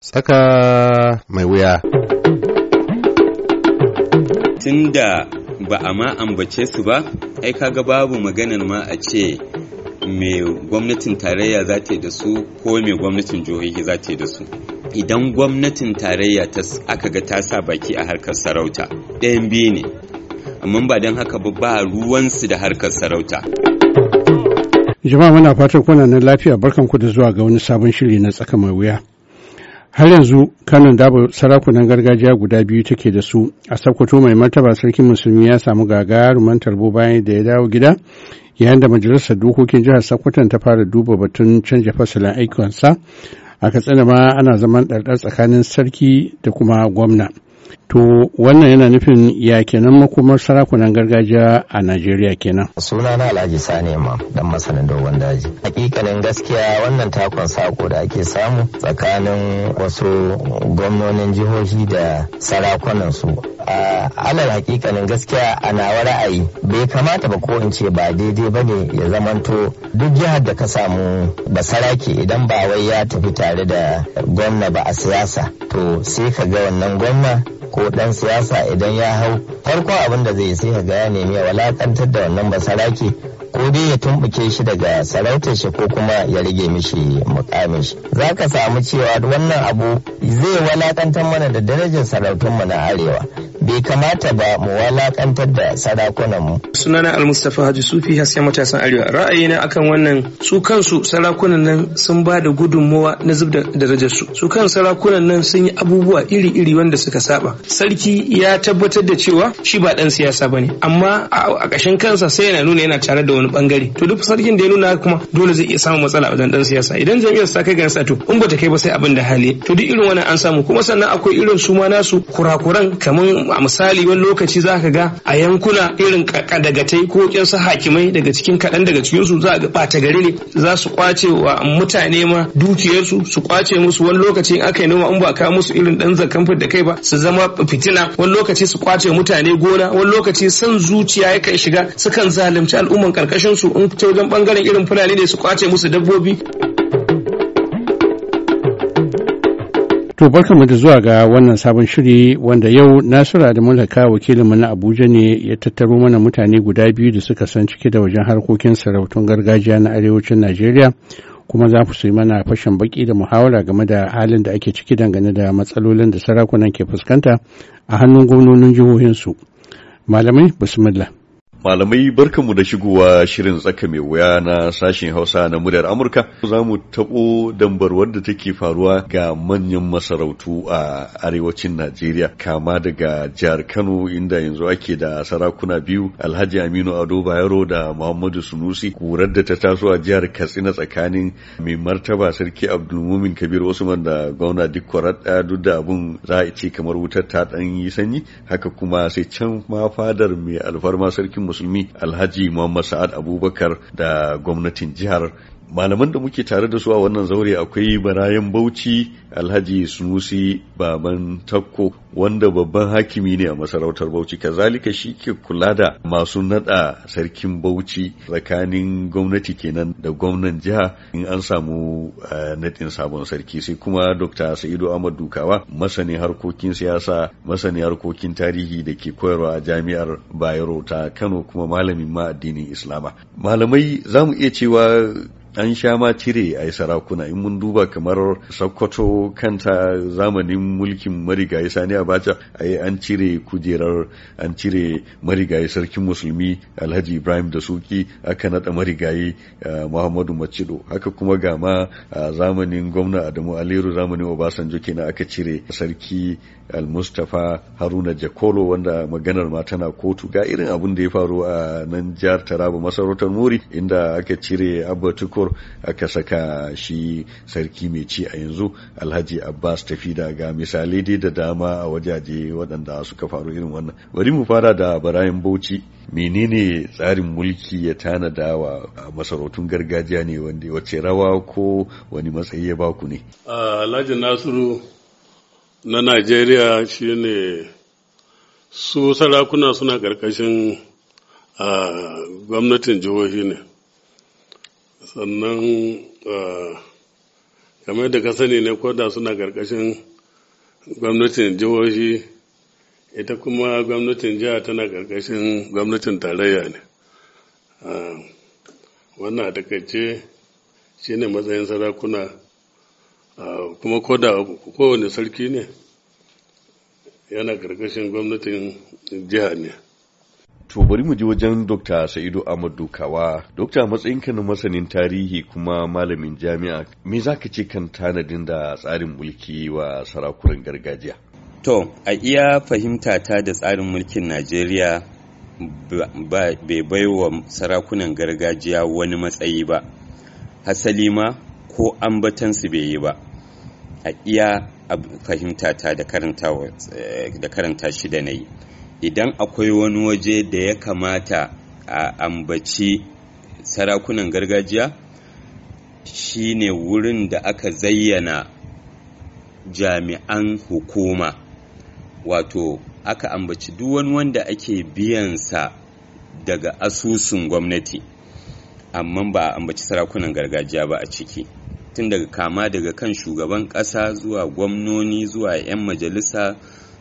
Saka mai wuya. Tunda ba a ma ambace su ba, ai kaga babu maganar ma a ce me gwamnatin tarayya za ta yi da su ko me gwamnatin jihohi za ta yi da su. Idan gwamnatin tarayya ta aka ga ta sa baki a harkar sarauta, ɗayan biyu ne, amma ba don haka ba ba ruwansu da harkar sarauta. Jama'a muna fatan kuna lafiya ku da zuwa ga wani sabon shiri na tsaka mai wuya. har yanzu kanon dabo sarakunan gargajiya guda biyu take da su a sakkwato mai martaba sarkin musulmi ya samu gagaruman tarbo bayan da ya dawo gida yayin da majalisar dokokin jihar sakkwaton ta fara duba batun canja fasalin aikinsa a katsina ma ana zaman ɗarɗar tsakanin sarki da kuma gwamna To wannan yana nufin ya kenan makomar sarakunan gargajiya a Najeriya kenan. Sunana Alhaji Sani ma dan masanin dogon daji. Hakikanin gaskiya wannan takon sako da ake samu tsakanin wasu gwamnonin jihohi da sarakunan su. A alal hakikanin gaskiya a nawa ra'ayi bai kamata ba ko in ce ba daidai ba ne ya zamanto duk jihar da ka samu ba sarake idan ba wai ya tafi tare da gwamna ba a siyasa to sai ka ga wannan gwamna ko dan siyasa idan ya hau farko abin da zai sai ga ya nemi ya walakantar da wannan basarake ko dai ya tumbuke shi daga sarautar shi ko kuma ya rage mishi mukamin shi za ka samu cewa wannan abu zai walakantar mana da darajar sarautun mu na arewa bai kamata ba mu walakantar da sarakunanmu. sunana almustafa haji sufi hasken matasan arewa na akan wannan su kansu sarakunan nan sun ba da gudunmawa na zub da darajarsu su kan sarakunan nan sun yi abubuwa iri-iri wanda suka saba sarki ya tabbatar da cewa shi ba dan siyasa ba ne amma a ƙashin kansa sai yana nuna yana tare da wani bangare to duk sarkin da ya nuna kuma dole zai iya samun matsala wajen dan siyasa idan jami'ar sa kai gansa to in ta kai ba sai abin da hali to duk irin wannan an samu kuma sannan akwai irin su ma nasu kurakuran kamar a misali wani lokaci za ka ga a yankuna irin kadagatai ko kyansu hakimai daga cikin kaɗan daga cikinsu za ga ɓata gari ne za su kwace wa mutane ma dukiyarsu su kwace musu wani lokaci in aka yi noma in ba ka musu irin ɗan zakan da kai ba su zama fitina wani lokaci su kwace mutane gona wani lokaci son zuciya ya yakan shiga sukan zalunci al'umman karkashin su in ta wajen bangaren irin fulani ne su kwace musu dabbobi. To barkanmu da zuwa ga wannan sabon shiri wanda yau Nasiru Adamu Laka wakilinmu na Abuja ne ya tattaro mana mutane guda biyu da suka san ciki da wajen harkokin sarautun gargajiya na arewacin Najeriya kuma za su yi mana fashin baki da muhawara game da halin da ake ciki dangane da matsalolin da sarakunan ke fuskanta a hannun gwamnonin jihohinsu. Malamai bismillah. Malamai barkanmu da shigowa shirin tsaka mai wuya na sashen Hausa na muryar Amurka. Za mu taɓo dambarwar da take faruwa ga manyan masarautu a arewacin Najeriya, kama daga jihar Kano inda yanzu ake da sarakuna biyu Alhaji Aminu Ado Bayero da Muhammadu Sunusi. Kurar da ta taso a jihar Katsina tsakanin mai martaba Sarki Abdulmumin Kabir Usman da gwamna Dikko da abun za a ce kamar wutar ta ɗan yi sanyi, haka kuma sai can ma fadar mai alfarma Sarkin musulmi alhaji muhammad sa'ad abubakar da gwamnatin jihar malaman da muke tare da su a wannan zaure akwai barayan bauchi alhaji sunusi baban takko wanda babban hakimi ne a masarautar bauchi kazalika shi ke kula da masu nada sarkin bauchi tsakanin gwamnati kenan da gwamnan jiha in an samu eh, nadin sabon sarki sai kuma dr sa'idu ahmad dukawa masani harkokin siyasa masani harkokin tarihi da ke koyarwa a jami'ar bayero ta kano kuma malamin ma addinin islama malamai za mu iya cewa an sha ma cire a yi sarakuna in mun duba kamar sokoto kanta zamanin mulkin marigayi sani abacha a yi an cire kujerar an cire marigayi sarkin musulmi alhaji ibrahim da suki aka naɗa marigayi eh, muhammadu macido haka kuma gama a eh, zamanin gwamna adamu aliru zamanin obasanjo kenan aka cire sarki almustapha haruna jakolo wanda maganar ma tana kotu ga irin abin da ya faru a nan jihar taraba masarautar muri inda aka cire abba tukur Lahore aka saka shi sarki mai ci a yanzu Alhaji Abbas tafi da ga misalai dai da dama a wajaje waɗanda suka faru irin wannan. Bari mu fara da Barayin Bauchi menene tsarin mulki ya tanada wa masarautun gargajiya ne wanda wace rawa ko wani matsayi ya baku ne? Alhaji Nasiru na Najeriya shine su sarakuna suna karkashin gwamnatin jihohi ne. sannan eh, kamar da ka sani ne koda suna ƙarƙashin gwamnatin jihohi ita kuma gwamnatin jiha tana ƙarƙashin gwamnatin tarayya ne eh, wannan a takaice shi ne matsayin sarakuna eh, kuma koda kowane sarki ne yana karkashin gwamnatin jiha ne To bari mu je wajen Dr. Sa'idu Ahmad Dukawa. Dokta matsayinka na masanin tarihi kuma malamin jami'a. Me za ka ce kan tanadin da tsarin mulki wa sarakunan gargajiya? To, a iya fahimta ta da tsarin mulkin Najeriya bai bai wa sarakunan gargajiya wani matsayi ba. Hasali ma ko ambatansu bai yi ba. A iya fahimta ta eh, da karanta shi da na yi. idan akwai wani waje da ya kamata a ambaci sarakunan gargajiya shi ne wurin da aka zayyana jami'an hukuma wato aka ambaci duk wanda ake biyansa daga asusun gwamnati amma ba a ambaci sarakunan gargajiya ba a ciki tun daga kama daga kan shugaban ƙasa zuwa gwamnoni zuwa 'yan majalisa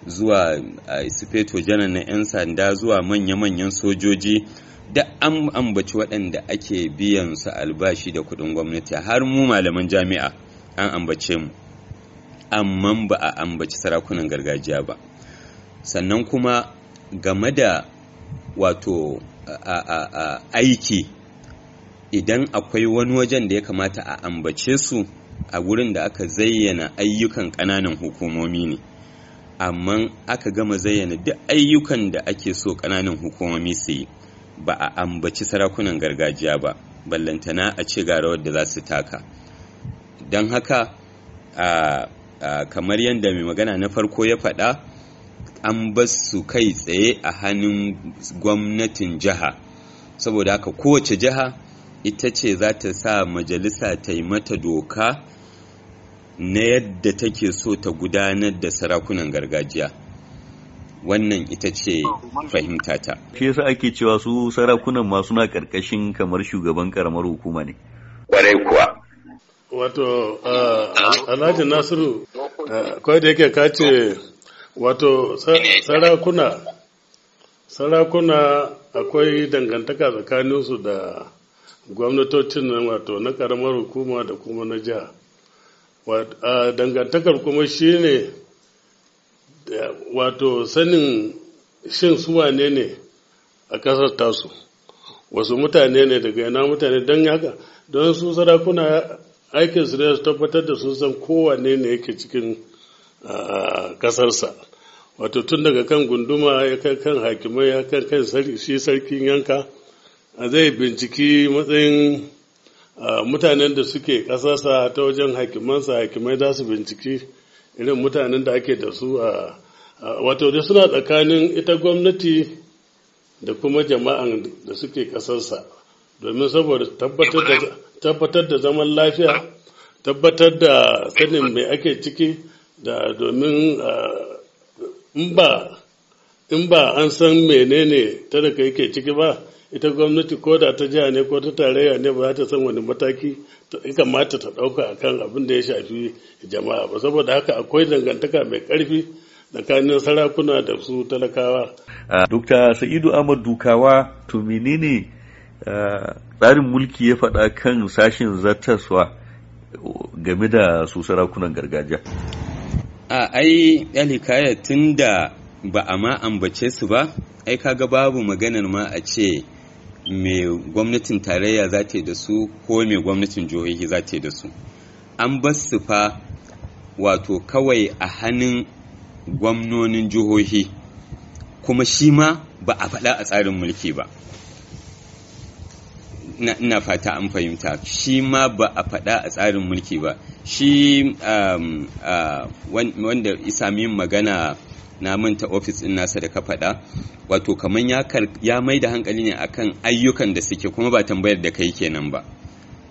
zuwa a sufeto janar na 'yan sanda zuwa manya-manyan sojoji da an ambaci waɗanda ake biyan su albashi da kuɗin gwamnati har mu malaman jami'a an ambace mu amma ba a ambaci sarakunan gargajiya ba sannan kuma game da wato aiki idan akwai wani wajen da ya kamata a ambace su a wurin da aka zayyana ayyukan ƙananan hukumomi ne amma aka gama zayyana duk ayyukan da ake so ƙananan hukumomi su yi ba a ambaci sarakunan gargajiya ba ballantana a ce ga rawar da za su taka don haka a kamar yadda mai magana na farko ya faɗa an bar su kai tsaye a hannun gwamnatin jiha saboda haka kowace jiha ita ce za ta sa majalisa ta yi mata doka na yadda take so ta gudanar da sarakunan gargajiya wannan ita ce fahimtata shi yasa ake cewa su sarakunan ma suna karkashin kamar shugaban karamar hukuma ne kwarai kuwa wato alhaji nasiru kawai da yake kace wato sarakuna sarakuna akwai dangantaka tsakaninsu da gwamnatocin nan wato na karamar hukuma da kuma na jiha dangantakar kuma shi ne wato sanin shin Suwa ne ne a ƙasar tasu wasu mutane ne daga yana mutane don yaka don su sarakuna aikin su ne su tabbatar da sun san kowane ne yake cikin ƙasarsa wato tun daga kan gunduma ya kan kan hakimai ya kan kan shi sarkin yanka a zai binciki matsayin mutanen da suke ƙasarsa ta wajen hakimansa hakimai za su binciki irin mutanen da ake da su a wato da suna tsakanin ita gwamnati da kuma jama'an da suke ƙasarsa domin saboda tabbatar da zaman lafiya tabbatar da sanin mai ake ciki da domin in ba an san menene talaka yake ciki ba ita gwamnati ko da ta jiha ne ko ta tarayya ne ba za ta san wani mataki ya kamata ta ɗauka akan abin da ya shafi jama'a ba saboda haka akwai dangantaka mai ƙarfi tsakanin sarakuna da su talakawa. Dokta Sa'idu Ahmad Dukawa to menene tsarin mulki ya faɗa kan sashen zartaswa game da su sarakunan gargajiya? A ai tun da ba a ma ambace su ba, ai kaga babu maganar ma a ce Mai gwamnatin tarayya za ta da su ko mai gwamnatin jihohi za ta da su an su fa wato kawai a hannun gwamnonin jihohi kuma shi ma ba a faɗa a tsarin mulki ba ina fata an fahimta shi ma ba a faɗa a tsarin mulki ba shi um, uh, wanda isa min magana na manta ofis din nasa da ka faɗa wato kamar ya mai da hankali ne akan ayyukan da suke kuma ba tambayar da kai kenan ba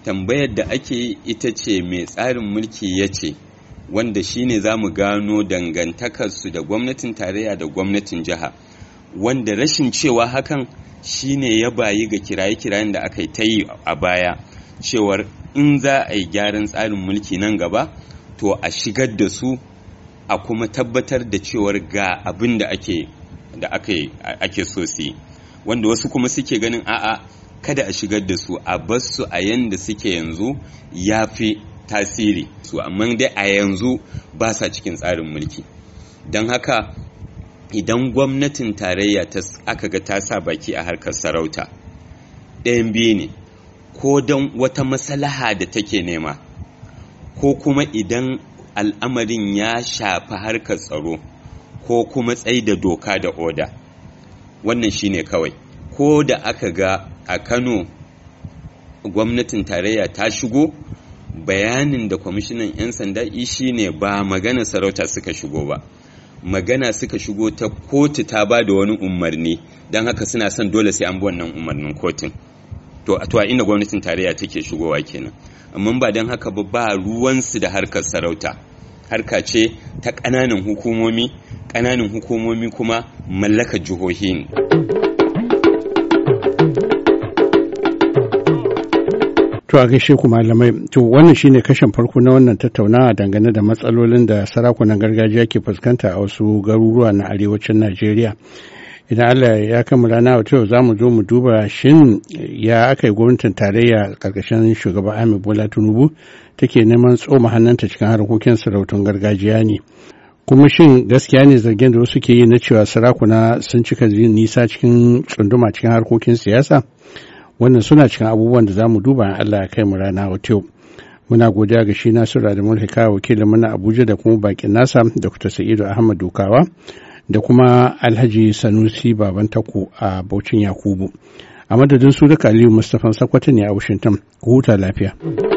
tambayar da ake ita ce mai tsarin mulki ya ce wanda shine za mu gano dangantakarsu da gwamnatin tarayya da gwamnatin jiha wanda rashin cewa hakan shine ya bayi ga kiraye-kirayen da aka ta yi a baya cewar in za a yi gyaran tsarin mulki nan gaba to a shigar da su a kuma tabbatar da cewar ga abin da ake so su wanda wasu kuma suke ganin a'a kada a shigar da su a bar su a yanda suke yanzu ya fi tasiri su amma dai a yanzu ba sa cikin tsarin mulki don haka idan gwamnatin tarayya ta aka ga ta sa baki a harkar sarauta ɗayan biyu ne ko don wata masalaha da take nema ko kuma idan al'amarin ya shafi harkar tsaro ko kuma tsayi da doka da oda wannan shine kawai ko da aka ga a kano gwamnatin tarayya ta shigo bayanin da kwamishinan 'yan sanda ishi ne ba magana sarauta suka shigo ba magana suka shigo ta kotu ta ba da wani umarni don haka suna son dole sai an bi wannan umarnin kotun to a inda gwamnatin tarayya take shigowa kenan amma ba don haka ba ba ruwansu da harkar sarauta harka ce ta ƙananan hukumomi ƙananan hukumomi kuma mallakar jihohi To a gaishe ku malamai, to wannan shine kashin farko na wannan tattaunawa dangane da matsalolin da sarakunan gargajiya ke fuskanta a wasu garuruwa na arewacin Najeriya. idan Allah ya kammala na wato za mu zo mu duba shin ya aka yi gwamnatin tarayya karkashin shugaba Ahmed Bola Tinubu take neman tsoma hannunta cikin harkokin sarautun gargajiya ne kuma shin gaskiya ne zargin da wasu ke yi na cewa sarakuna sun cika nisa cikin tsunduma cikin harkokin siyasa wannan suna cikin abubuwan da za mu duba Allah ya kai mu rana wato muna godiya ga shi Nasiru Adamu Hikawa wakilin muna Abuja da kuma bakin nasa Dr. Sa'idu Ahmad Dukawa da kuma alhaji sanusi baban tako a baucin yakubu a madadin su duka aliyu mustapha sakwata ne a washington huta lafiya